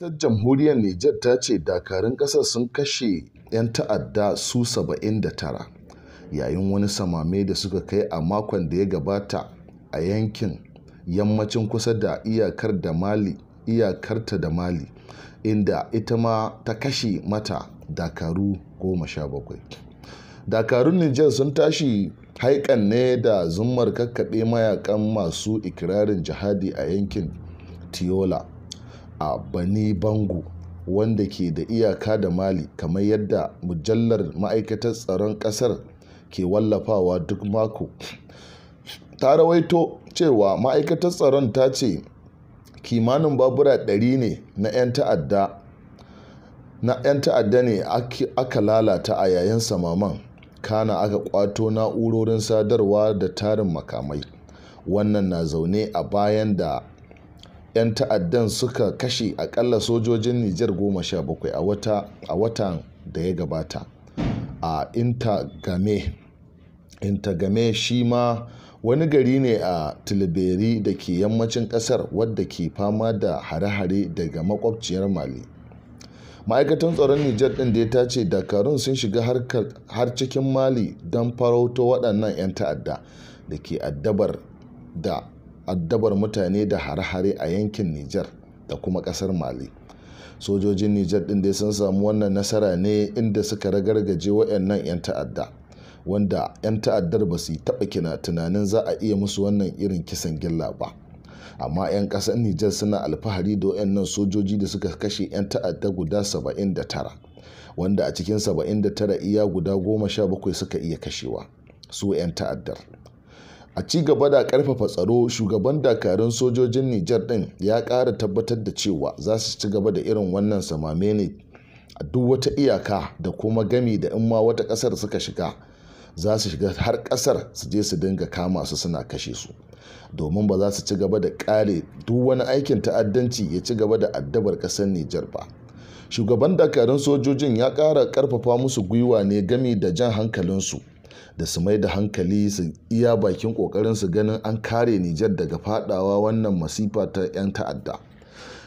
ta jamhuriyar Nijar ta ce dakarun ƙasar sun kashe 'yan ta'adda su 79 yayin wani samame da suka kai a makon da ya gabata a yankin yammacin kusa da iyakar da mali iyakarta da mali inda ita ma ta kashe mata dakaru 17 dakarun nijar sun tashi haikan ne da zummar kakkaɓe mayakan masu ikirarin jihadi a yankin tiola a Bani Bango wanda ke da iyaka da Mali kamar yadda mujallar Ma'aikatar Tsaron kasar ke wallafawa duk mako. Ta rawaito cewa Ma'aikatar Tsaron ta ce kimanin babura 100 ne na 'yan ta'adda na 'yan ta'adda ne aka lalata a yayin samaman kana aka kwato na'urorin sadarwa da tarin makamai wannan na zaune a bayan da 'yan ta'addan suka kashe akalla sojojin Nijar goma sha bakwai a watan da ya gabata a Intagame. shi ma wani gari ne a Tilibiri da ke yammacin kasar wadda ke fama da hare-hare daga makwabciyar Mali. Ma'aikatan tsaron Nijar ɗin da ya tace dakarun sun shiga har cikin Mali don farauto waɗannan 'yan ta'adda da ke addabar da addabar mutane da hare-hare a yankin Nijar da kuma ƙasar Mali. Sojojin Nijar ɗin dai sun samu wannan nasara ne inda suka ragargaje waɗannan 'yan ta'adda. Wanda 'yan ta'addar ba su taɓa kina tunanin za a iya musu wannan irin kisan gilla ba. Amma 'yan ƙasar Nijar suna alfahari da waɗannan sojoji da suka kashe 'yan ta'adda guda 79. Wanda a cikin 79 iya guda 17 suka iya kashewa. Su 'yan ta'addar. a ci gaba da karfafa tsaro shugaban dakarun sojojin nijar din ya kara tabbatar da cewa za su ci gaba da irin wannan samame ne a duk wata iyaka da kuma gami da in ma wata kasar suka shiga za su shiga har kasar su je su dinga kama su suna kashe su domin ba za su ci gaba da kare duk wani aikin ta'addanci ya ci gaba da addabar kasar nijar ba shugaban dakarun sojojin ya kara karfafa musu gwiwa ne gami da jan hankalinsu da su mai da hankali su iya bakin kokarin su ganin an kare Nijar daga fadawa wannan masifa ta 'yan ta'adda.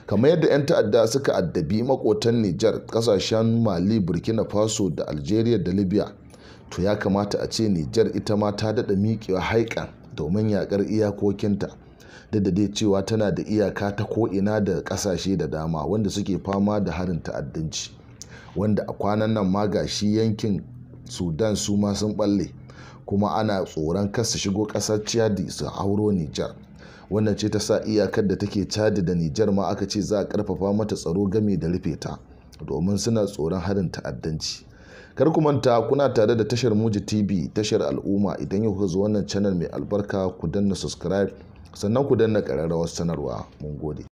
kamar yadda 'yan ta'adda suka addabi makotan Nijar kasashen Mali, Burkina Faso da Algeria da Libya, to ya kamata a ce Nijar ita ma ta daɗa miƙewa haikan domin yakar iyakokinta. Duk da dai cewa tana da iyaka ta ko'ina da ƙasashe da dama wanda suke fama da harin ta'addanci. Wanda a kwanan nan ma gashi yankin sudan su ma sun balle kuma ana tsoron kar su shigo ƙasar chadi su auro nijar wannan ce ta sa iyakar da take chadi da nijar ma aka ce za a karfafa mata tsaro game da rufe ta domin suna tsoron harin ta'addanci kar ku manta kuna tare da tashar muji tv tashar al'umma idan yau kuka zo wannan channel mai albarka ku danna subscribe sannan ku danna ƙararrawar sanarwa mun gode